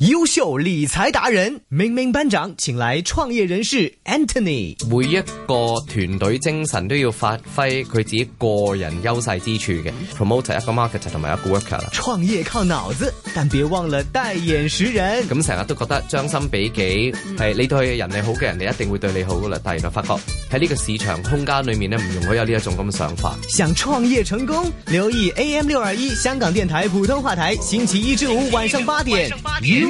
優秀理財達人明明班長，請來創業人士 Anthony。每一個團隊精神都要發揮佢自己個人優勢之處嘅、mm -hmm. promoter 一個 market 同埋一個 worker。創業靠腦子，但別忘了帶眼識人。咁成日都覺得將心比己，係、mm -hmm. 你對人哋好嘅人，你一定會對你好噶啦。但係我發覺喺呢個市場空間裏面咧，唔容許有呢一種咁嘅想法。想創業成功，留意 AM 六二一，香港電台普通話台，星期一至五晚上八點。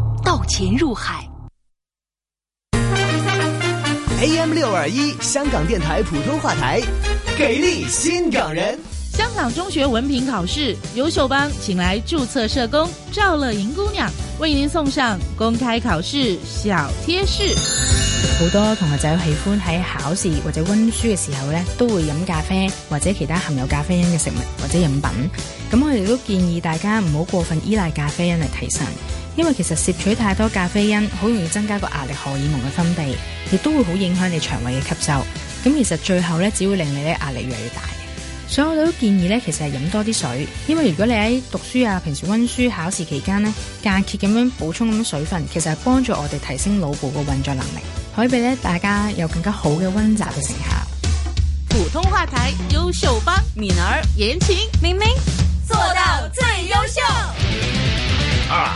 到前入海。AM 六二一香港電台普通話台，給力新港人。香港中學文憑考試優秀班，請來註冊社工趙樂瑩姑娘，為您送上公開考試小貼士。好多同學仔喜歡喺考試或者温書嘅時候呢，都會飲咖啡或者其他含有咖啡因嘅食物或者飲品。咁我哋都建議大家唔好過分依賴咖啡因嚟提神。因為其實攝取太多咖啡因，好容易增加個壓力荷爾蒙嘅分泌，亦都會好影響你腸胃嘅吸收。咁其實最後咧，只會令你咧壓力越嚟越大。所以我都建議咧，其實係飲多啲水。因為如果你喺讀書啊、平時溫書、考試期間呢，間歇咁樣補充咁樣水分，其實係幫助我哋提升腦部個運作能力，可以俾咧大家有更加好嘅溫習嘅成效。普通話台優秀幫敏兒言情，明明做到最優秀。啊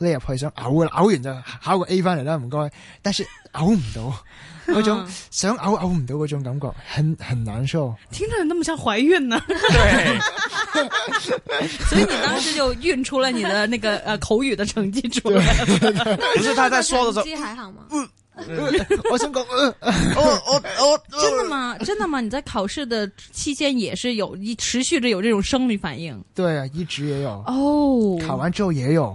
你入去想嘔嘅啦，嘔完就考個 A 翻嚟啦，唔該。但是嘔唔到，嗰種想嘔嘔唔到嗰種感覺，很很難受。聽到你那麼像懷孕呢？啊？對， 所以你當時就孕出了你的那個，呃，口語的成績出來。 不是他在說的時候，成績還好嗎？我想講，我我我真的嗎？真的嗎？你在考試的期間也是有，持續着有這種生理反應。對，啊一直也有。哦，考完之後也有。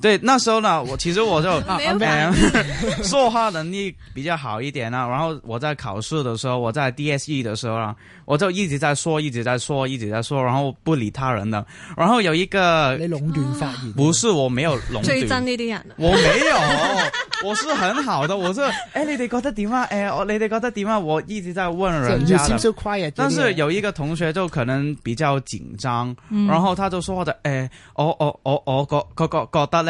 對，那時候呢，我其實我就、啊啊嗯、 說話能力比較好一點呢、啊。然後我在考試的時候，我在 DSE 的時候呢、啊，我就一直在說，一直在說，一直在說，然後不理他人的。然後有一個你壟斷發言、哦，不是我沒有壟斷，最憎呢啲人， 我沒有，我是很好的，我是。哎、 欸，你哋覺得點啊？哎、欸，我你哋覺得點啊？我一直在問人家的，是、嗯、不但是有一個同學就可能比較緊張、嗯，然後他就說的，哎、欸，我我我我覺覺覺覺得咧。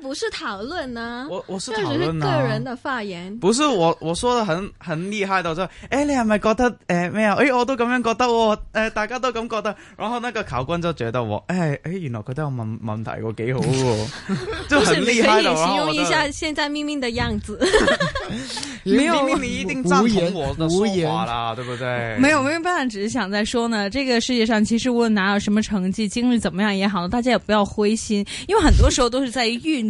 不是討論呢、啊，我我是討論呢、啊，個人的發言不是我我說的很很厲害的，說，哎你係咪覺得，哎沒有，哎我都咁樣覺得、哦，哎大家都咁覺得，然後那個考官就覺得我，我哎哎原來佢都有問問題，幾好的， 就很厲害的是就你可以形容一下現在明明的樣子 沒有，明明你一定贊同我的說話啦，對不對？沒有沒有辦法，只是想再說呢，這個世界上其實無論拿有什麼成績，經歷怎麼樣也好，大家也不要灰心，因為很多時候都是在於運。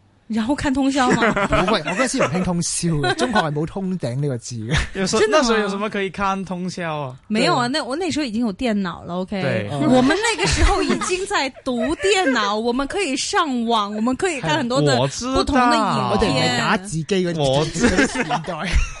然後看通宵嗎？唔 係，我嗰陣時唔興通宵的，中學係冇通頂呢個字嘅。候那時候有什麼可以看通宵啊？沒有啊，那我那時候已經有電腦了。OK，對、哦、我們那個時候已經在讀電腦， 我們可以上網，我們可以看很多的不同的影片。我我打字機嗰個時代。我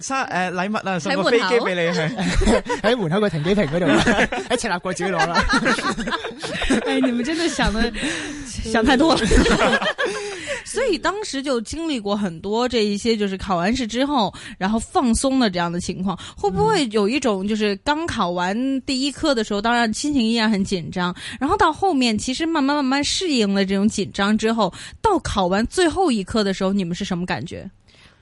生呃，禮物啊，送個飛機俾你去，喺喺門口個 停機坪嗰度， 一齊立過自己攞啦。 哎，你們真的想的 想太多了。 所以當時就經歷過很多這一些，就是考完試之後，然後放鬆了這樣的情況。會不會有一種就是剛考完第一科的時候，當然心情依然很緊張，然後到後面其實慢慢慢慢適應了這種緊張之後，到考完最後一科的時候，你們是什麼感覺？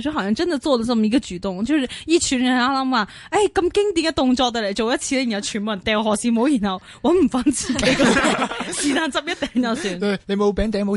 就好像真的做了這麼一個舉動，就是一群人喺度諗話，誒、哎、咁經典嘅動作就嚟做一次咧，然後全部人掉何事帽，然後搵唔翻自己，是但執一頂就算，對你冇餅頂冇。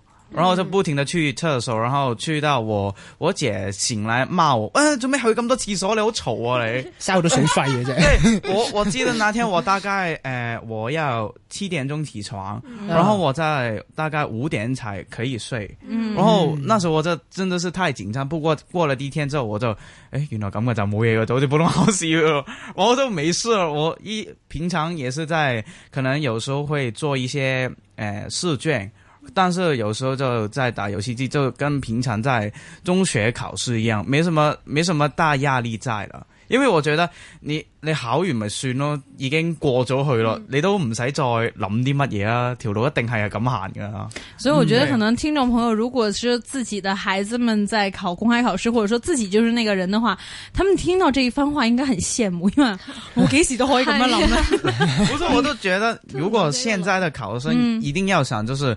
然後就不停的去廁所，嗯，然後去到我我姐醒來罵我，啊，哎，做咩去咁多廁所？你好嘈啊！你，燒都水費嘅啫。我我記得那天我大概呃我要七點鐘起床， 然後我在大概五點才可以睡，嗯。然後那時候我就真的是太緊張。不過過了第一天之後，我就誒，哎，原來咁嘅就冇嘢嘅，就好似普通考試咯。 我就沒事了。我一平常也是在可能有時候會做一些呃試卷。但是有時候就在打遊戲機，就跟平常在中學考試一樣，沒什麼沒什麼大壓力在了。因為我覺得你你考完咪算咯，已經過咗去咯、嗯，你都唔使再諗啲乜嘢啊。條路一定係係咁行㗎。所以我覺得可能聽眾朋友，如果是自己的孩子們在考公開考試， 或者說自己就是那個人的話，他們聽到這一番話應該很羨慕，因為，我幾時都可以咁樣諗呢？不是，我都覺得如果現在的考生一定要想就是。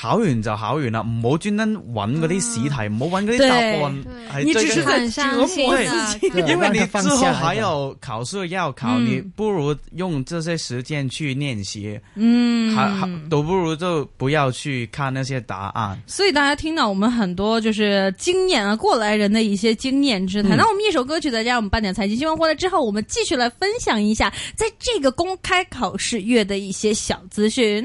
考完就考完啦，唔好專登揾嗰啲試題，唔好揾嗰啲答案，係最傷心。因為你之後還有考試要考，你不如用這些時間去練習，嗯還，都不如就不要去看那些答案。所以大家聽到我們很多就是經驗啊，過來人的一些經驗之談。那、嗯、我們一首歌曲再加我們半點財經新聞過來之後，我們繼續來分享一下，在這個公開考試月的一些小資訊。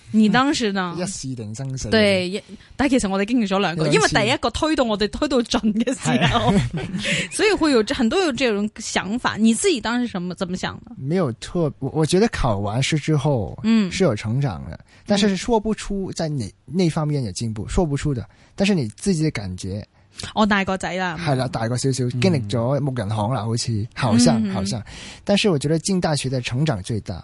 你當時呢？嗯、一試定生死。對，但其實我哋經歷咗兩個，因為第一個推動我哋推到盡嘅時候，啊、 所以會有很多有這種想法。你自己當時什麼，怎麼想的？沒有特別，我我覺得考完試之後，嗯，是有成長嘅，但是，是說不出在哪那方面有進步，說不出的。但是你自己的感覺，我、嗯、大個仔啦，係啦，大個少少，經歷咗木人行啦，好似好像好像、嗯嗯，但是我覺得進大學嘅成長最大。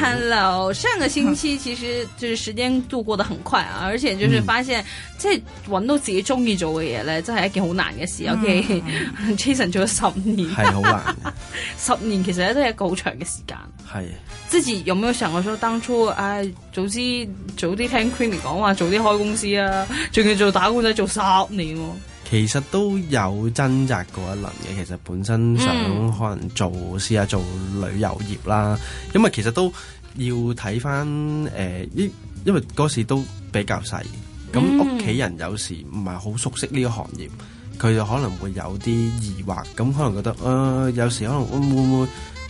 Hello，上個星期其實就是時間度過得很快啊， 而且就是發現即係搵到自己中意做嘅嘢咧，真係一件好難嘅事。嗯、o、okay? K，Jason、嗯、做咗十年，係好難。 十年其實都係一個好長嘅時間。係之前有冇想過，我當初唉、啊，早知早啲聽 Queenie 講話，早啲開公司啊，仲要做打工仔做十年，哦。其實都有掙扎過一輪嘅，其實本身想可能做試下做旅遊業啦，因為其實都要睇翻，誒，因為嗰時都比較細，咁屋企人有時唔係好熟悉呢個行業，佢就可能會有啲疑惑，咁可能覺得啊、呃，有時可能會會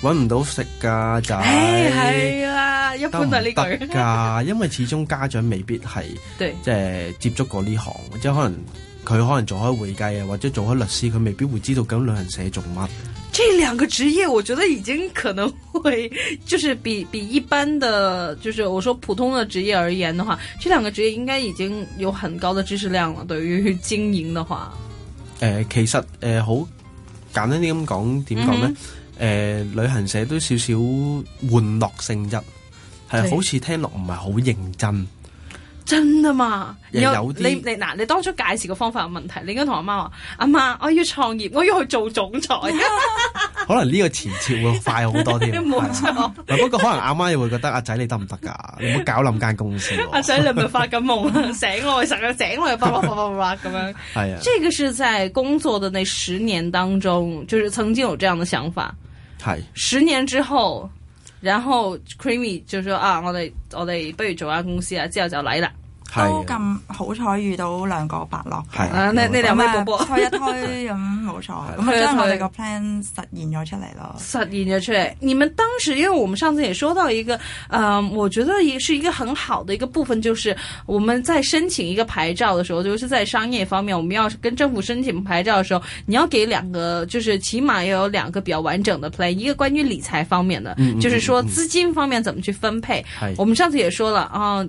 會搵唔到食噶，就係係啦，一般係呢個噶， 因為始終家長未必係即係接觸過呢行，即係可能。佢可能做開會計啊，或者做開律師，佢未必會知道究竟旅行社做乜。這兩個職業，我覺得已經可能會，就是比比一般的，就是我說普通的職業而言的話，這兩個職業應該已經有很高的知識量了。對於經營的話，誒、呃，其實誒，好、呃、簡單啲咁講，點講呢？誒、mm -hmm. 呃，旅行社都少少玩樂性質，係好似聽落唔係好認真。真㗎嘛，有啲你你嗱，你當初介紹個方法有問題，你應該同阿媽話：阿媽，媽，我要創業，我要去做總裁。 可能呢個前設會快好多啲，冇 錯是 不。不過可能阿媽又會覺得阿仔你得唔得噶？你唔好、啊、 搞冧間公司。阿仔你咪發緊夢，醒我成日醒我，叭叭叭叭叭咁樣。係啊，這個是在工作的那十年當中，就是曾經有這樣的想法。係 ，十年之後。然後 Creamy 就說啊，我哋我哋不如做下公司啊，之後就嚟啦。都咁好彩遇到兩個伯樂，你你哋有咩推一推，咁冇錯，咁啊，將我哋個 plan 實現咗出嚟咯。實現咗出嚟，你們當時因為我們上次也說到一個，嗯、呃，我覺得是一個很好的一個部分，就是我們在申請一個牌照的時候，就是在商業方面，我們要跟政府申請牌照的時候，你要給兩個，就是起碼要有兩個比較完整的 plan，一個關於理財方面的，嗯嗯就是說資金方面怎麼去分配。我們上次也說了啊。呃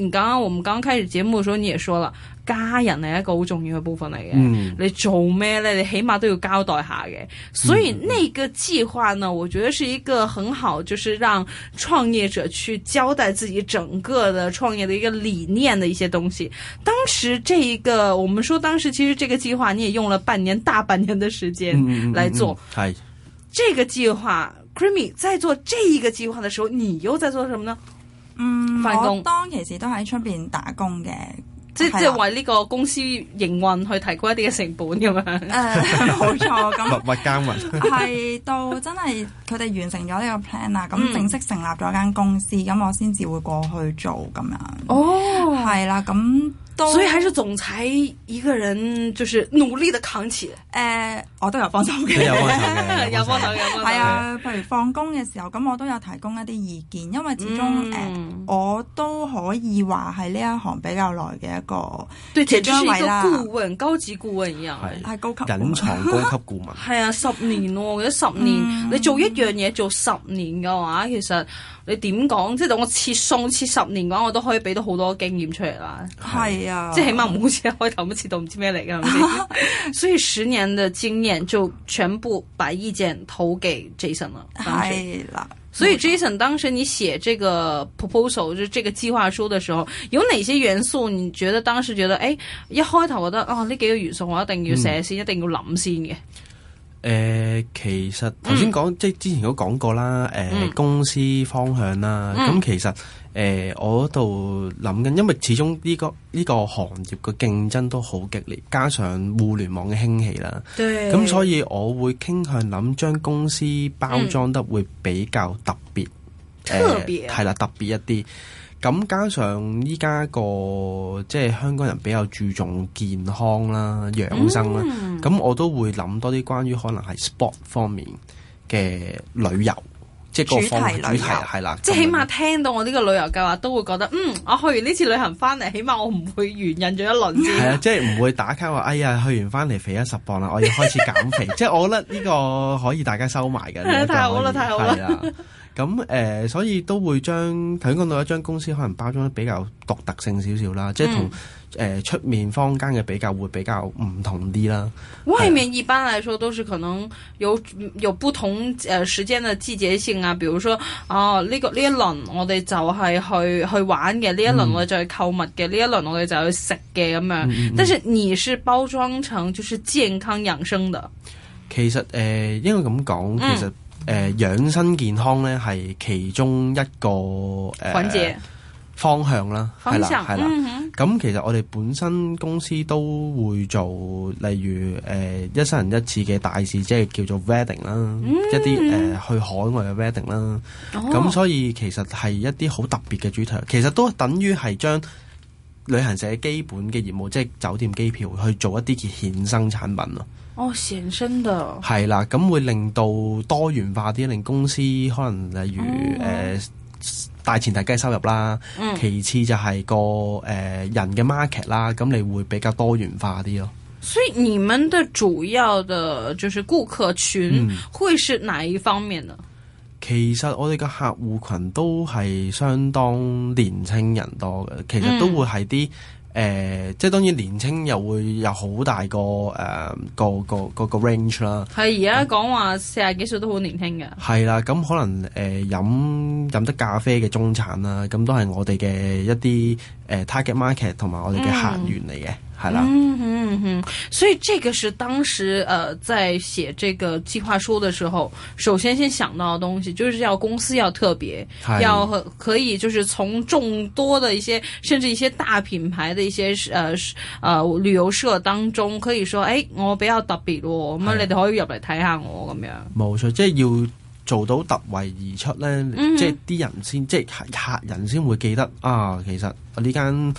你剛剛我們剛開始節目的時候，你也說了，家人係一個好重要嘅部分嚟嘅、嗯。你做咩咧？你起碼都要交代下嘅。所以那個計劃呢，我覺得是一個很好，就是讓創業者去交代自己整個的創業的一個理念的一些東西。當時這一個我們說，當時其實這個計劃你也用了半年、大半年的時間來做。係、嗯嗯嗯，這個計劃，Creamy 在做這一個計劃的時候，你又在做什麼呢？嗯，我當其時都喺出邊打工嘅，即係、啊、即係為呢個公司營運去提供一啲嘅成本咁樣。冇 錯、呃，咁物物交換係到真係佢哋完成咗呢個 plan 啊，咁、嗯、正式成立咗間公司，咁我先至會過去做咁樣。哦，係啦、啊，咁。所以還是總裁一個人，就是努力的扛起。誒、呃，我都有幫手嘅。 有幫手嘅，要放長線。係啊，譬如放工嘅時候，咁我都有提供一啲意見，因為始終誒、嗯呃，我都可以話係呢一行比較耐嘅一個。對，其中一位顧問，高級顧問一樣係高級問，隱藏高級顧問。係啊，啊，十年、哦，我覺得十年、嗯，你做一樣嘢做十年嘅話，其實。你點講？即係等我切餸切十年嘅話，我都可以俾到好多經驗出嚟啦。係啊，即係起碼唔好似一開頭乜切到唔知咩嚟㗎。 所以十年嘅經驗就全部把意見投給 Jason 啦。係啦、啊，所以 Jason 當時你寫這個 proposal 就這個計劃書嘅時候，有哪些元素？你覺得當時覺得，哎，一開頭覺得哦呢幾個元素我一定要寫先、嗯，一定要諗先嘅。誒、呃，其實頭先講即係之前都講過啦，誒、呃嗯，公司方向啦，咁、嗯、其實誒、呃，我度諗緊，因為始終呢、這個呢、這個行業嘅競爭都好激烈，加上互聯網嘅興起啦，咁所以我會傾向諗將公司包裝得會比較特別，誒、嗯，係、呃、啦，特別一啲。咁加上依家個即係、就是、香港人比較注重健康啦、養生啦，咁、嗯、我都會諗多啲關於可能係 sport 方面嘅旅遊，即、就、係、是、個方面主題係啦。即係起碼聽到我呢個旅遊計劃，都會覺得嗯，我去完呢次旅行翻嚟，起碼我唔會原印咗一輪。係啊，即係唔會打卡話哎呀，去完翻嚟肥咗十磅啦，我要開始減肥。即 係我覺得呢個可以大家收埋嘅、啊。太好啦，太好啦！咁、呃、所以都會將頭先講到一張公司，可能包裝得比較獨特性少少啦，即係同誒出面坊間嘅比較會比較唔同啲啦。外面一般嚟說都是可能有有不同誒時間的季節性啊，比如說哦呢、這個呢一輪我哋就係去去玩嘅，呢一輪我哋就去購物嘅，呢、嗯、一輪我哋就去食嘅咁樣。但是而是包裝成就是健康養生的。其實誒、呃、應該咁講，其實、嗯誒、呃，養生健康咧係其中一個誒、呃、方向啦，係啦係啦。咁、嗯、其實我哋本身公司都會做，例如誒、呃、一生人一次嘅大事，即係叫做 wedding 啦，嗯、一啲誒、呃、去海外嘅 wedding 啦。咁、哦、所以其實係一啲好特別嘅主題，其實都等於係將旅行社基本嘅業務，即係酒店機票去做一啲嘅衍生產品咯。哦，衍生的係啦，咁會令到多元化啲，令公司可能例如誒、嗯呃、大前提係收入啦，嗯、其次就係個誒、呃、人嘅 market 啦，咁你會比較多元化啲咯。所以你們的主要的就是顧客群會是哪一方面呢？嗯、其實我哋嘅客戶群都係相當年輕人多嘅，其實都會係啲。嗯誒、呃，即係當然年青又會有好大個誒、呃，個個個，個 range 啦。係而家講話四十幾歲都好年輕嘅。係、嗯、啦，咁可能誒、呃、飲飲得咖啡嘅中產啦，咁都係我哋嘅一啲誒、呃、target market 同埋我哋嘅客源嚟嘅。嗯嗯嗯嗯，所以這個是當時，呃，在寫這個計劃書的時候，首先先想到的東西，就是要公司要特別，要可以就是從眾多的一些甚至一些大品牌的一些，呃，呃旅遊社當中，可以說，誒、欸，我比較特別、哦，咁你哋可以入嚟睇下我咁樣。冇錯，即係要做到突圍而出咧、嗯，即係啲人先，即係客人先會記得啊。其實呢間。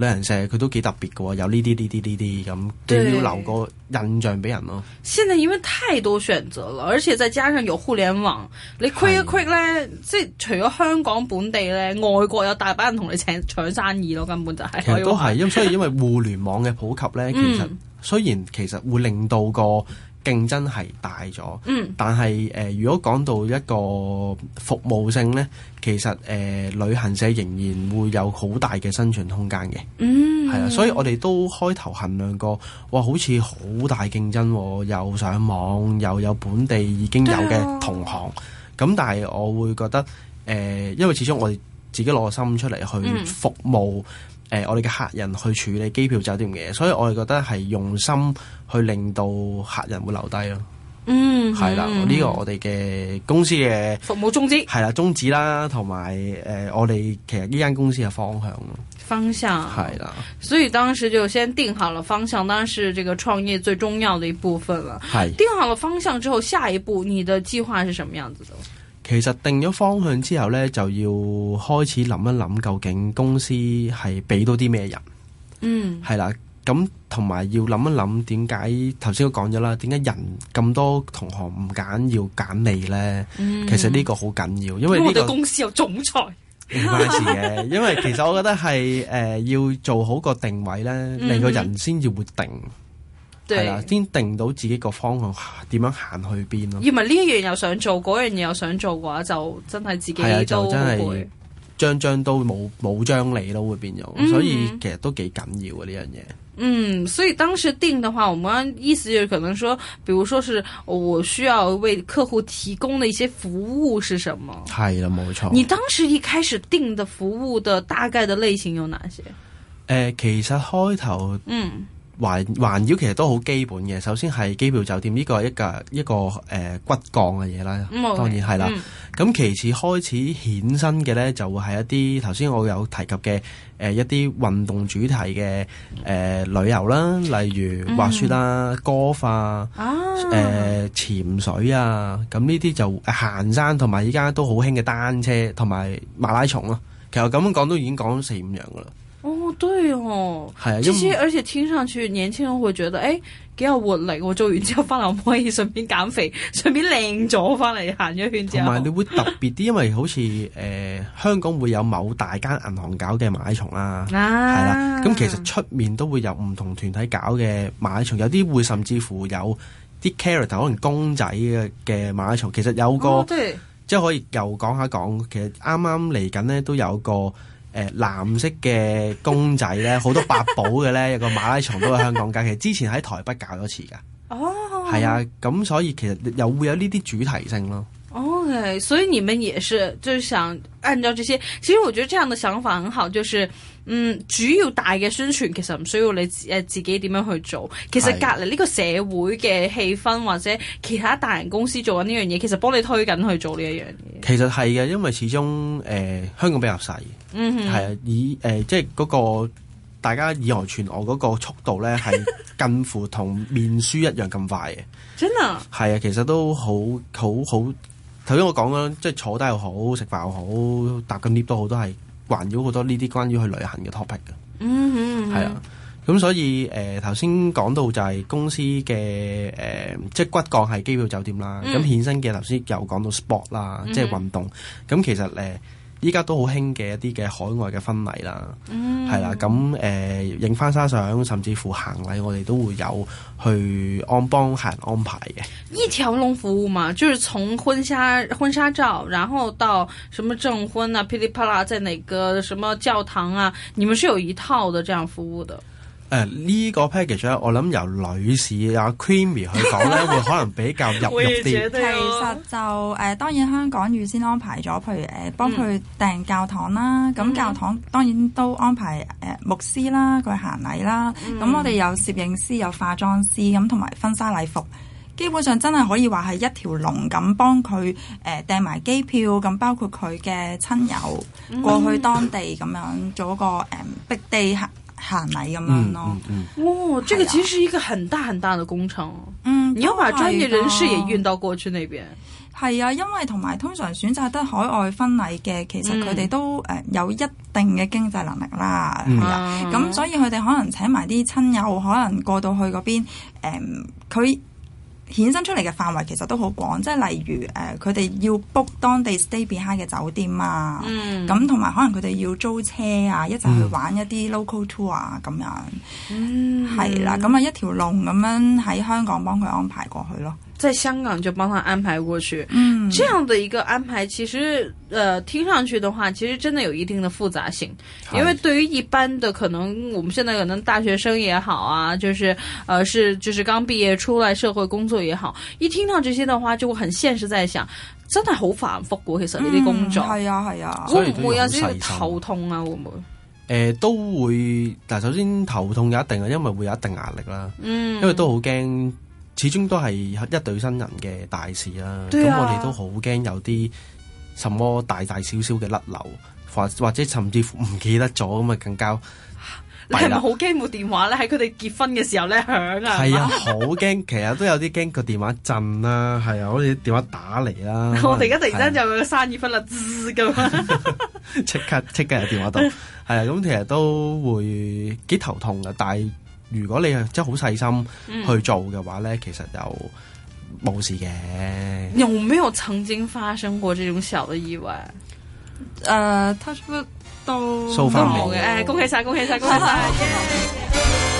旅行社佢都幾特別嘅喎，有呢啲呢啲呢啲咁，都要留個印象俾人咯、啊。現在因為太多選擇了，而且再加上有互聯網，你 quick 一 quick 咧，即係除咗香港本地咧，外國有大把人同你請搶生意咯，根本就係、是。其實都係，因 所以因為互聯網嘅普及咧，其實、嗯、雖然其實會令到個。競爭係大咗、嗯，但係、呃、如果講到一個服務性呢，其實、呃、旅行社仍然會有好大嘅生存空間嘅，係、嗯、啊，所以我哋都開頭衡量過，哇，好似好大競爭、哦，又上網，又有本地已經有嘅同行，咁、啊、但係我會覺得、呃、因為始終我哋自己攞個心出嚟去服務。嗯。誒、呃，我哋嘅客人去處理機票酒店嘅，所以我哋覺得係用心去令到客人會留低咯、啊。嗯、mm -hmm.，係、這個、啦，呢個、呃、我哋嘅公司嘅服務宗旨係啦宗旨啦，同埋誒我哋其實呢間公司嘅方向方向係啦。所以當時就先定好了方向，當然是這個創業最重要的一部分啦。係定好了方向之後，下一步你的計劃是什麼樣子的？其實定咗方向之後呢，就要開始諗一諗究竟公司係俾到啲咩人？嗯，係啦，咁同埋要諗一諗點解頭先都講咗啦，點解人咁多同行唔揀要揀你呢？嗯、其實呢個好緊要，因為，、這個、因為我哋公司有總裁唔關事嘅，因為其實我覺得係誒、呃、要做好個定位呢，令、嗯、個人先至會定。係啦，先定到自己個方向，點樣行去邊咯？而唔係呢樣又想做，嗰樣嘢又想做嘅話，就真係自己都，係啊，就真係張張都冇冇張理咯，會變咗、嗯。所以其實都幾緊要嘅呢樣嘢。嗯，所以當時定嘅話，我們意思就可能說，比如說是，我需要為客戶提供嘅一些服務是什麼？係啦，冇錯。你當時一開始定的服務的大概的類型有哪些？誒、呃，其實開頭，嗯。環環繞其實都好基本嘅，首先係機票酒店呢、這個一個一個誒、呃、骨幹嘅嘢啦，嗯、okay, 當然係啦。咁、嗯、其次開始衍生嘅咧，就會、是、係一啲頭先我有提及嘅誒、呃、一啲運動主題嘅誒、呃、旅遊啦，例如滑雪啦、啊、歌、嗯、化、啊、啊、呃、潛水啊，咁呢啲就山行山同埋依家都好興嘅單車同埋馬拉松咯、啊。其實咁樣講都已經講咗四五樣噶啦。哦，對係、哦、啊，而且而且聽上去年輕人會覺得，誒，幾有活力，我做完之後翻嚟可以順便減肥，順便靚咗，翻嚟行咗一圈之後。唔係你會特別啲， 因為好似誒、呃、香港會有某大間銀行搞嘅買蟲啦，係、啊、啦，咁、嗯、其實出面都會有唔同團體搞嘅馬拉松有啲會甚至乎有啲 character 可能公仔嘅嘅馬拉松其實有個、哦、即係可以又講下講，其實啱啱嚟緊呢，都有個。誒、呃，藍色嘅公仔咧，好多八寶嘅咧， 有個馬拉松都喺香港搞，其實之前喺台北搞咗次噶，係、oh, 啊，咁所以其實又會有呢啲主題性咯。OK，所以你們也是，就是想按照這些，其實我覺得這樣的想法很好，就是。嗯，主要大嘅宣傳其實唔需要你誒自己點樣去做，其實隔籬呢個社會嘅氣氛的或者其他大型公司做緊呢樣嘢，其實幫你推緊去做呢一樣嘢。其實係嘅，因為始終誒、呃、香港比較細，嗯，係啊，以誒、呃、即係嗰個大家以訛傳訛嗰個速度咧，係 近乎同面書一樣咁快嘅，真啊，係啊，其實都好好好，頭先我講啦，即係坐低又好，食飯又好，搭緊 lift 都好，都係。環繞好多呢啲關於去旅行嘅 topic 嗯，係、mm -hmm, mm -hmm. 啊，咁所以誒頭先講到就係公司嘅誒、呃，即係骨幹係機票酒店啦，咁衍生嘅頭先又講到 sport 啦，mm -hmm. 即係運動，咁其實誒。呃依家都好興嘅一啲嘅海外嘅婚禮啦，係、嗯、啦，咁誒影返紗相，甚至乎行禮，我哋都會有去幫客人安排嘅。一條龍服務嘛，就是從婚紗婚紗照，然後到什麼證婚啊，噼里啪啦，在哪個什麼教堂啊，你們是有一套的這樣服務的。誒、呃、呢、這個 package 咧，我諗由女士阿、啊、Creamy 去講咧，會可能比較入入啲。 其實就誒、呃，當然香港預先安排咗，譬如誒、呃、幫佢訂教堂啦。咁、嗯、教堂當然都安排、呃、牧師啦，佢行禮啦。咁、嗯、我哋有攝影師，有化妝師，咁同埋婚紗禮服，基本上真係可以話係一條龍咁幫佢誒、呃、訂埋機票，咁包括佢嘅親友、嗯、過去當地咁樣做個誒 Big Day。呃行禮咁樣咯、嗯嗯嗯啊，哦，這個其實是一個很大很大的工程，嗯，你要把專業人士也運到過去那邊，係啊，因為同埋通常選擇得海外婚禮嘅，其實佢哋都誒、嗯呃、有一定嘅經濟能力啦，係、嗯、啊，咁、嗯嗯嗯嗯嗯、所以佢哋可能請埋啲親友，可能過到去嗰邊，誒、嗯，佢。衍生出嚟嘅範圍其實都好廣，即係例如誒，佢、呃、哋要 book 當地 stay behind 嘅酒店啊，咁同埋可能佢哋要租車啊，一齊去玩一啲 local tour 啊咁、嗯、樣，係、嗯、啦，咁啊一條龍咁樣喺香港幫佢安排過去咯。在香港就幫他安排過去，嗯，這樣的一個安排其實，呃，聽上去的話，其實真的有一定的複雜性，因為對於一般的可能，我們現在可能大學生也好啊，就是，呃，是就是剛畢業出來社會工作也好，一聽到這些的話就會很現實，在想，真係好繁複嘅，其實呢啲工作，係、嗯、啊係會唔會有啲頭痛啊？會唔會,、啊嗯啊啊會,不會啊呃？都會，但係首先頭痛有一定嘅，因為會有一定壓力啦，嗯，因為都好驚。始終都係一對新人嘅大事啦、啊，咁、啊、我哋都好驚有啲什麼大大小小嘅甩漏，或或者甚至乎唔記得咗咁啊，更加你係咪好驚冇電話咧？喺佢哋結婚嘅時候咧響是啊！係啊，好驚，其實都有啲驚個電話震啦，係啊，好似、啊、電話打嚟啦、啊。我哋而家突然間就有個生意婚啦，滋咁、啊，即 刻即刻喺電話度，係 啊，咁其實都會幾頭痛噶，但係，如果你係真係好細心去做嘅話咧、嗯，其實就冇事嘅。有冇有曾經發生過這種小嘅意外？誒，touch wood。So far, 都都冇嘅。誒、欸，恭喜曬，恭喜曬， 恭喜曬一！ 恭喜一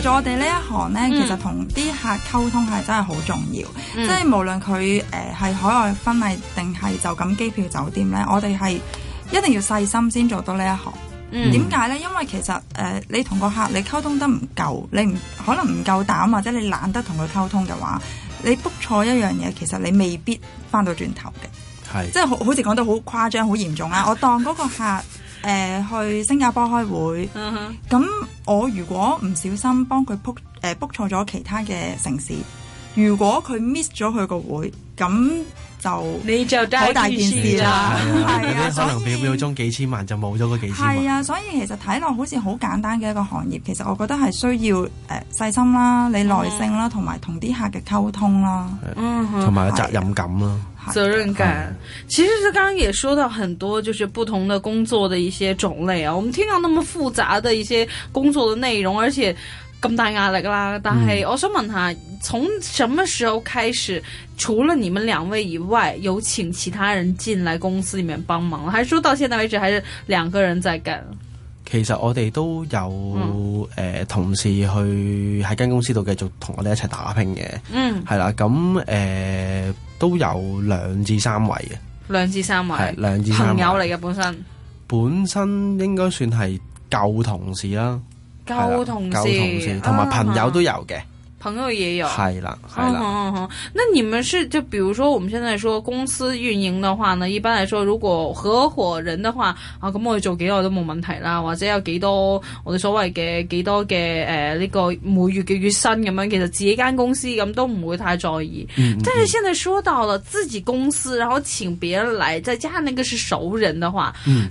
做我哋呢一行呢、嗯，其實同啲客溝通係真係好重要，嗯、即係無論佢誒係海外婚禮定係就咁機票酒店呢，我哋係一定要細心先做到呢一行。點、嗯、解呢？因為其實誒、呃、你同個客你溝通得唔夠，你唔可能唔夠膽或者你懶得同佢溝通嘅話，你 book 錯一樣嘢，其實你未必翻到轉頭嘅。係，即係好好似講得好誇張，好嚴重啊！ 我當嗰個客。誒、呃、去新加坡開會，咁、uh-huh. 我如果唔小心幫佢 book book 錯咗其他嘅城市，如果佢 miss 咗佢個會，咁。就好大件事啦，有可能秒秒鐘幾千萬就冇咗嗰幾千萬。係 啊，啊，所以其實睇落好似好簡單嘅一個行業，其實我覺得係需要誒細、呃、心啦，你耐性啦，同埋同啲客嘅溝通啦，同、嗯、埋、啊、責任感啦。啊啊、責任感，啊、其實就剛剛也說到很多，就是不同的工作的一些種類啊。我們聽到那麼複雜的一些工作的內容，而且。咁大壓力啦，但係我想問下、嗯，從什麼時候開始，除了你們兩位以外，有請其他人進來公司裏面幫忙，還是到現在為止還是兩個人在幹？其實我哋都有誒、嗯、呃、同事去喺間公司度繼續同我哋一齊打拼嘅。嗯，係啦，咁誒、呃、都有兩至三位嘅，兩至三位，兩至三位，兩至三位，朋友嚟嘅，本身，本身應該算係舊同事啦。舊同事、同埋、啊、朋友都有嘅、啊，朋友也有，係啦，係啦、啊啊啊啊。那你們是就，比如說我們現在說公司運營的話呢？一般來說，如果合伙人的話，啊咁我哋做幾耐都冇問題啦，或者有幾多我哋所謂嘅幾多嘅誒呢個每月嘅月薪咁樣，其實自己間公司咁都唔會太在意、嗯嗯。但是現在說到了自己公司，然後請別人嚟，再加上那個是熟人的話，嗯。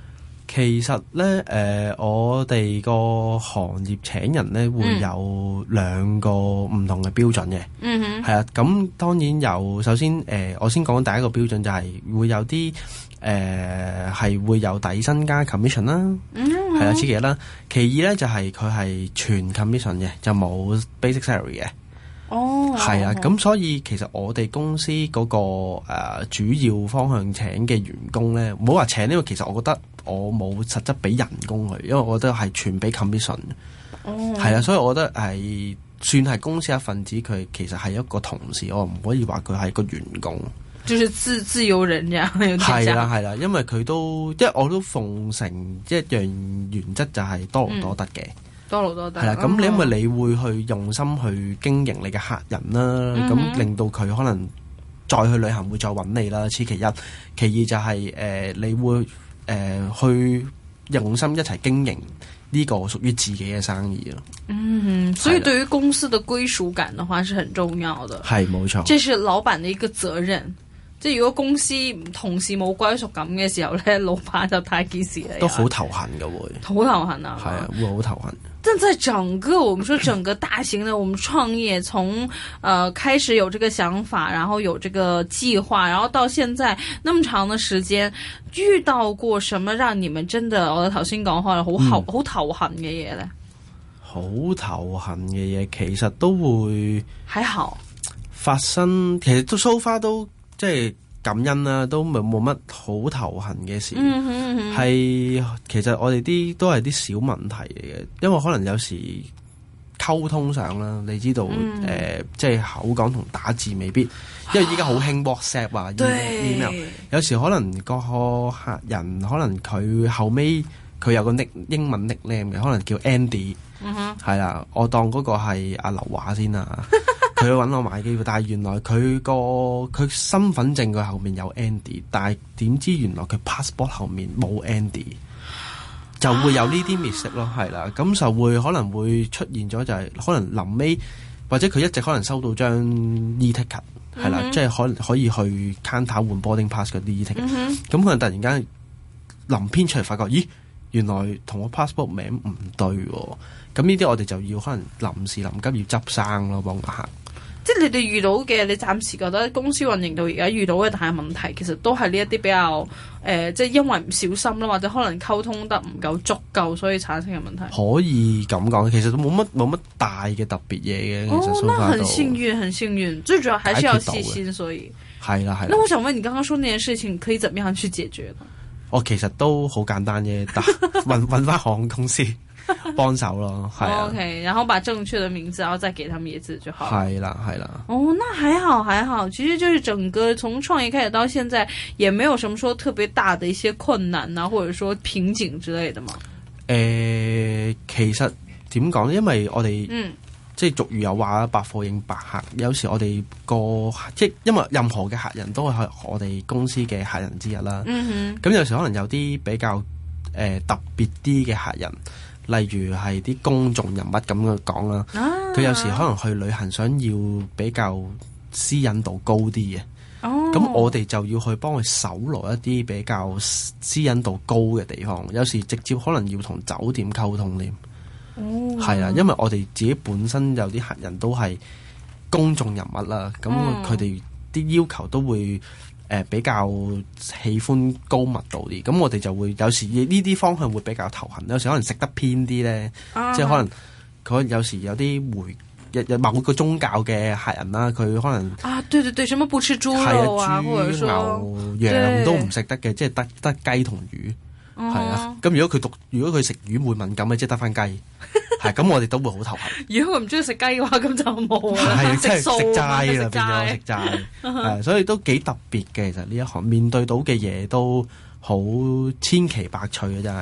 其實咧，誒、呃，我哋個行業請人咧會有兩個唔同嘅標準嘅，嗯哼，係啊。咁當然有，首先誒、呃，我先講第一個標準就係、是、會有啲誒係會有底薪加 commission 啦，嗯，係啊，此其一啦。其二咧就係佢係全 commission 嘅，就冇 basic salary 嘅，哦，係啊。咁、嗯、所以其實我哋公司嗰、那個、呃、主要方向請嘅員工咧，唔好話請、這個，呢個其實我覺得。我冇實質俾人工佢，因為我覺得係全俾 commission，係啊、oh.，所以我覺得係算係公司一份子。佢其實係一個同事，我唔可以話佢係個員工，就係自自由人這樣係啦係啦，因為佢都因為我都奉承，一樣原則就係多勞多得嘅、嗯，多勞多得係啦。咁你因為你會去用心去經營你嘅客人啦，咁令到佢可能再去旅行會再搵你啦。此其一，其二就係、是、誒、呃、你會。誒、呃，去用心一齊經營呢個屬於自己嘅生意咯。嗯，所以對於公司的歸屬感嘅話，是很重要嘅。係冇錯，這是老闆嘅一個責任。即係如果公司同事冇歸屬感嘅時候咧，老闆就太件事嚟。都好頭痕嘅會，好頭痕啊。係啊，會好頭痕。但在整個，我們說整個大型嘅，我們創業從，誒、 呃、開始有這個想法，然後有這個計劃，然後到現在那麼長嘅時間，遇到過什麼讓你們真的，我的、嗯、頭先講開啦，好好好頭痕嘅嘢咧。好頭痕嘅嘢，其實都會，還好發生，其實都 so far 都。即係感恩啦、啊，都冇冇乜好頭痕嘅事，係、嗯、其實我哋啲都係啲小問題嚟嘅，因為可能有時溝通上啦，你知道誒、嗯呃，即係口講同打字未必，因為依家好興 WhatsApp 啊，啊、email，有時可能個客人可能佢後尾，佢有個匿英文 nickname 嘅，可能叫 Andy。係、mm、啦 -hmm.，我當嗰個係阿劉華先啦，佢去揾我買機票。 但係原來佢個佢身份證佢後面有 Andy，但係點知原來佢 passport 後面冇 Andy，就會有呢啲 miss 咯。係啦，咁、啊、就會可能會出現咗就係、是、可能臨尾或者佢一直可能收到張 e-ticket 係啦，即係可可以去 counter 換 boarding pass 嗰啲 e-ticket、mm。咁 -hmm. 可能突然間臨編出嚟發覺，咦，原來同我 passport 名唔對、啊。咁呢啲我哋就要可能臨時臨急要執生咯，幫個客。即係你哋遇到嘅，你暫時覺得公司運營到而家遇到嘅大嘅問題，其實都係呢一啲比較誒、呃，即係因為唔小心啦，或者可能溝通得唔夠足夠，所以產生嘅問題。可以咁講，其實都冇乜冇乜大嘅特別嘢嘅。哦，其實 so、那很幸運，很幸運，最主要還需要細心。所以係啦係。那我想問你，剛剛說那件事情可以怎樣去解決？我其實都好簡單嘅，打搵搵翻航空公司。幫 手咯，係啊，O、okay, K，然後把正確的名字，然後再給他們一次就好了。係啦、啊，係啦、啊。哦、oh，那還好還好，其實就是整個從創業開始到現在，也沒有什麼說特別大的一些困難啊，或者說瓶頸之類的嘛。誒、呃，其實點講咧，因為我哋、嗯，即係俗語有話啦，百貨應百客，有時我哋個即係，因為任何嘅客人都係我哋公司嘅客人之一啦。嗯哼，咁有時可能有啲比較誒、呃、特別啲嘅客人。例如係啲公眾人物咁樣講啦，佢、啊、有時可能去旅行，想要比較私隱度高啲嘅，咁、哦、我哋就要去幫佢搜羅一啲比較私隱度高嘅地方。有時直接可能要同酒店溝通添，係、哦、啊，因為我哋自己本身有啲客人都係公眾人物啦，咁佢哋啲要求都會，誒比較喜歡高密度啲，咁我哋就會有時呢啲方向會比較頭痕，有時可能食得偏啲咧、啊，即係可能佢有時有啲回有，有某個宗教嘅客人啦，佢可能啊，對對對，什麼不吃豬肉啊，或者牛羊都唔食得嘅，即係得得雞同魚，係、嗯、啊，咁如果佢讀如果佢食魚會敏感嘅，即係得翻雞。 係， 咁我哋都會好頭痕。 如果佢唔中意食雞嘅話，咁就冇啦，即係 吃素。 食齋啦，變咗食齋。係，所以都幾特別嘅。其實呢一行面對到嘅嘢都好千奇百趣嘅，真係。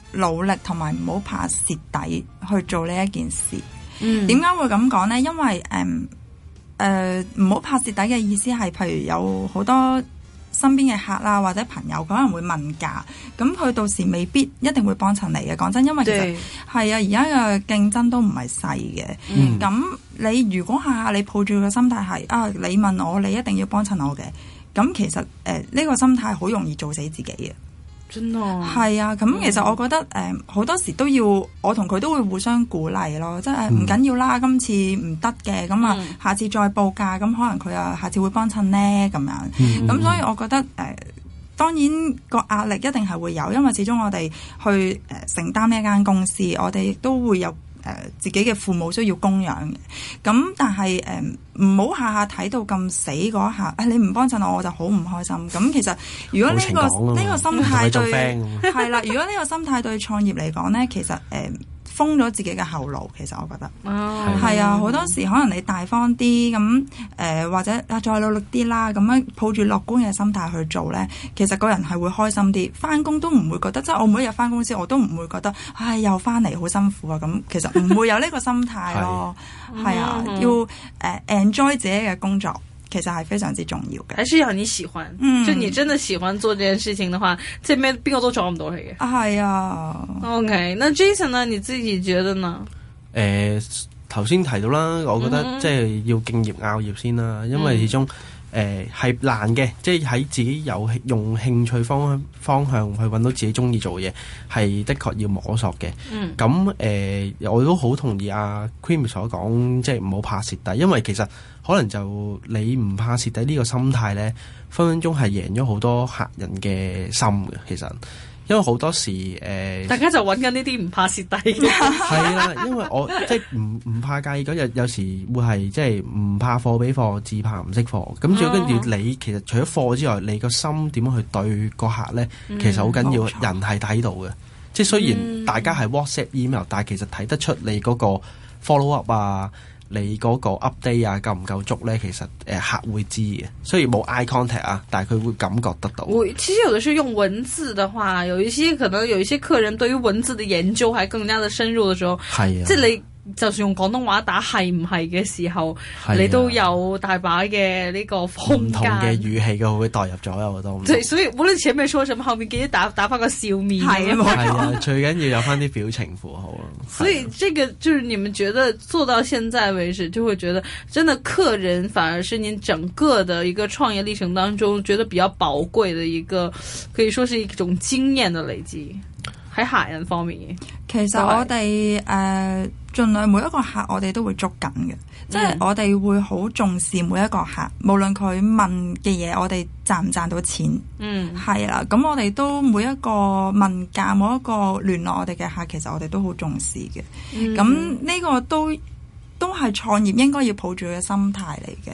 努力同埋唔好怕蝕底去做呢一件事。點、嗯、解會咁講呢？因為誒誒唔好怕蝕底嘅意思係，譬如有好多身邊嘅客啦或者朋友，可能會問價，咁佢到時未必一定會幫襯你嘅。講真，因為其實係啊，而家嘅競爭都唔係細嘅。咁、嗯、你如果下下你抱住個心態係啊，你問我，你一定要幫襯我嘅，咁其實呢、呃這個心態好容易做死自己嘅。係啊，咁其實我覺得誒，好、嗯呃、多時都要我同佢都會互相鼓勵咯，即係唔緊要啦、嗯，今次唔得嘅，咁啊下次再報價，咁、嗯、可能佢又下次會幫襯呢，咁樣，咁、嗯、所以我覺得誒、呃，當然個壓力一定係會有，因為始終我哋去、呃、承擔呢一間公司，我哋都會有。誒、呃，自己嘅父母需要供養嘅，咁但係誒，唔好下下睇到咁死嗰下，啊、你唔幫襯我，我就好唔開心。咁其實如果呢、呢個呢、啊呢個心態對係 啦，如果呢個心態對創業嚟講咧，其實誒。呃封咗自己嘅後路，其實我覺得係、oh. 啊，好多時可能你大方啲咁、呃，或者啊再努力啲啦，咁樣抱住樂觀嘅心態去做呢。其實個人係會開心啲。翻工都唔會覺得，即、就、係、是、我每日翻公司我都唔會覺得，唉、哎、又翻嚟好辛苦啊！咁其實唔會有呢個心態咯。係啊， 是啊 oh. 要、呃、enjoy 自己嘅工作。其實係非常之重要嘅，還是要你喜歡、嗯，就你真的喜歡做呢件事情嘅話，咩邊個都做唔到佢嘅。係啊,啊，OK，那 Jason 呢？你自己覺得呢？誒、呃，頭先提到啦，我覺得、嗯、即係要敬業拗業先啦，因為始終、嗯。始終誒、呃、係難嘅，即係喺自己有用興趣方向方向去搵到自己中意做嘢，係的確要摸索嘅。嗯，咁誒、呃，我都好同意阿、啊、Cream 所講，即係唔好怕蝕底，因為其實可能就你唔怕蝕底呢個心態呢，分分鐘係贏咗好多客人嘅心嘅，其實。因為好多時誒、呃，大家就揾緊呢啲唔怕蝕底。係啦，因為我即係唔唔怕計嗰日，有時會係即係唔怕貨俾貨，只怕唔識貨。咁再跟住你、啊，其實除咗貨之外，你個心點樣去對個客咧、嗯？其實好緊要，人係睇到嘅。即係雖然大家係 WhatsApp email、嗯、email，但係其實睇得出你嗰個 follow up 啊。你嗰個 update 啊，夠唔夠足咧？其實誒、呃、客會知嘅，雖然冇 eye contact 啊，但係佢會感覺得到。我其實有時候用文字嘅話，有一些可能有一些客人對於文字嘅研究還更加的深入嘅時候，係、啊。就算用廣東話打係唔係嘅時候、啊，你都有大把嘅呢個空間嘅語氣嘅，會代入咗，有好多。即係所以，無論前面說什麼，後面記得打打翻個笑面。係啊， 最緊要有翻啲表情符號咯。所以，這個就是你們覺得做到現在為止，就會覺得，真的客人反而是你整個的一個創業歷程當中，覺得比較寶貴的一個，可以說是一種經驗的累積喺客人方面。其實我哋誒。盡量每一個客我哋都會捉緊嘅，即、嗯、係我哋會好重視每一個客，無論佢問嘅嘢，我哋賺唔賺到錢，嗯，係啦，咁我哋都每一個問價，每一個聯絡我哋嘅客，其實我哋都好重視嘅，咁、嗯、呢個都都係創業應該要抱住嘅心態嚟嘅。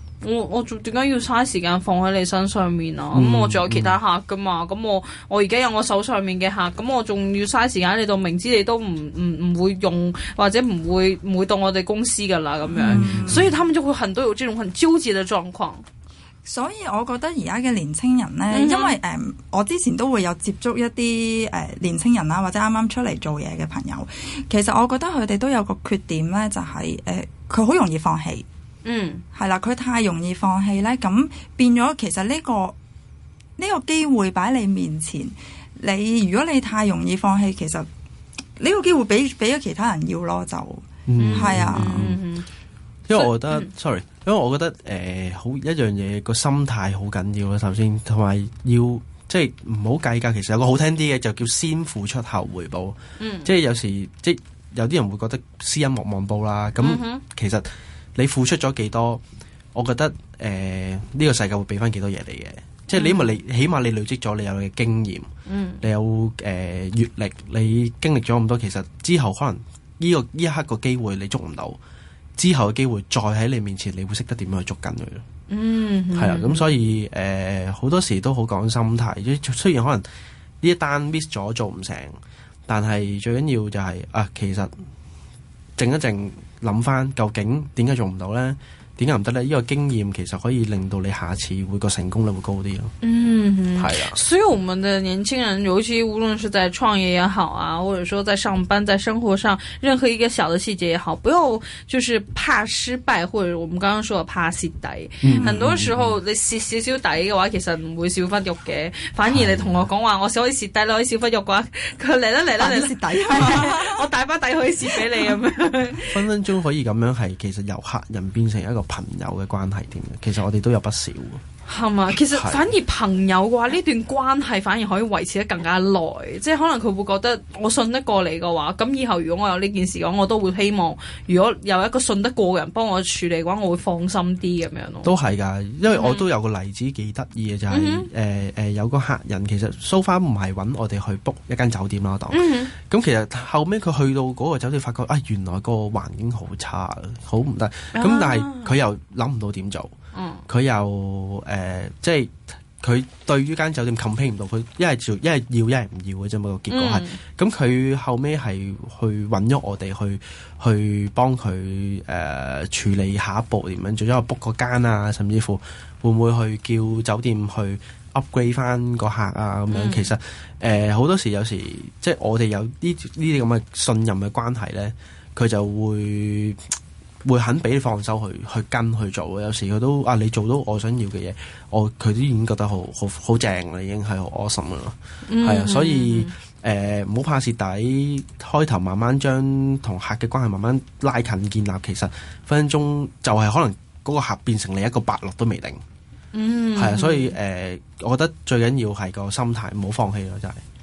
我我仲點解要嘥時間放喺你身上面啊？咁、嗯、我仲有其他客噶嘛？咁、嗯、我我而家有我手上面嘅客，咁我仲要嘥時間你度，明知你都唔唔唔會用，或者唔會唔會到我哋公司噶啦咁樣、嗯。所以，他們就會很多有這種很焦急嘅狀況。所以，我覺得而家嘅年輕人呢，嗯、因為誒，um, 我之前都會有接觸一啲、uh, 年輕人啦，或者啱啱出嚟做嘢嘅朋友。其實，我覺得佢哋都有個缺點呢，就係、是、誒，佢、uh, 好容易放棄。嗯，係啦，佢太容易放棄咧，咁變咗其實呢、呢個呢、呢個機會擺喺你面前，你如果你太容易放棄，其實呢個機會俾俾咗其他人要咯，就係啊，因為我覺得，sorry，因為我覺得誒、呃、好一樣嘢個心態好緊要啦，首先同埋要即係唔好計較，其實有個好聽啲嘅就叫先付出後回報，嗯、即係有時即係有啲人會覺得施恩莫望報啦，咁、嗯、其實。你付出咗幾多？我覺得誒呢個世界會俾翻幾多嘢你嘅，即係你因為你起碼你累積咗，你有嘅經驗，嗯，你有誒閲歷，你經歷咗咁多，其實之後可能呢個呢一刻個機會你捉唔到，之後嘅機會再喺你面前，你會識得點樣去捉緊佢咯。嗯，係啊，咁所以誒好多時都好講心態，雖然可能呢一單 miss 咗做唔成，但係最緊要就係啊，其實。靜一靜，諗翻究竟點解做唔到咧？點解唔得呢？呢、呢個經驗其實可以令到你下次會個成功率會高啲咯。嗯，嗯，係啊。所以我們的年輕人，尤其無論是在創業也好啊，或者說在上班、在生活上，任何一個小的細節也好，不要就是怕失敗，或者我們剛剛說怕蝕底。嗯嗯嗯，很多時候你蝕少少底嘅話，其實唔會少忽肉嘅。反而你同我講話，我想可以蝕底，可以少忽肉嘅話，佢嚟啦嚟啦你啦蝕底， 我大把底可以蝕俾你咁樣， 分分鐘可以咁樣，係，其實由客人變成一個。朋友嘅關係點，其實我哋都有不少。係嘛？其實反而朋友嘅話，呢段關係反而可以維持得更加耐。即係可能佢會覺得我信得過你嘅話，咁以後如果我有呢件事嘅話，我都會希望如果有一個信得過嘅人幫我處理嘅話，我會放心啲咁樣咯。都係噶，因為我都有個例子幾得意嘅就係誒誒，有個客人其實 so far 唔係搵我哋去 book 一間酒店啦。當、嗯、咁其實後尾佢去到嗰個酒店，發覺啊、哎、原來個環境好差，好唔得。咁、啊、但係佢又諗唔到點做。佢、嗯、又誒、呃，即係佢對於間酒店 commit 唔到，佢一係做，一係要，要，一係唔要嘅啫嘛。個結果係咁，佢、嗯、後尾係去搵咗我哋去去幫佢誒、呃、處理下一步點樣，咗左 book 個間啊，甚至乎會唔會去叫酒店去 upgrade 翻個客啊咁樣。嗯、其實誒好、呃、多時有時即係我哋有呢呢啲咁嘅信任嘅關係咧，佢就會。會肯俾你放手去去跟去做，有時佢都啊你做到我想要嘅嘢，我佢都已經覺得好好好正啦，已經係好 awesome 噶啦，係啊，mm-hmm.，所以誒唔好怕蝕底，開頭慢慢將同客嘅關係慢慢拉近建立，其實分分鐘就係可能嗰個客變成你一個伯樂都未定，係啊，mm-hmm.，所以誒、呃，我覺得最緊要係個心態，唔好放棄咯，就係。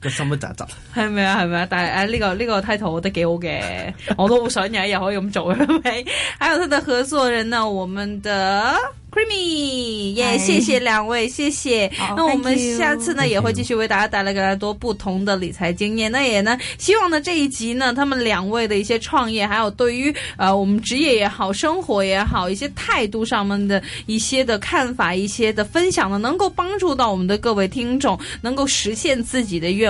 個心乜雜雜係咪啊？係咪啊？但係誒，呢個呢個 title 都幾好嘅，我都好想日日可以咁做。咁 還有他的合作人呢？我們的 Creamy，耶！謝謝兩位，謝謝。Oh, 那我們下次呢，也會繼續為大家帶來更加多不同的理財經驗。那也呢，希望呢這一集呢，他們兩位的一些創業，還有對於呃我們職業也好、生活也好，一些態度上面的一些的看法、一些的分享呢，能夠幫助到我們的各位聽眾，能夠實現自己的願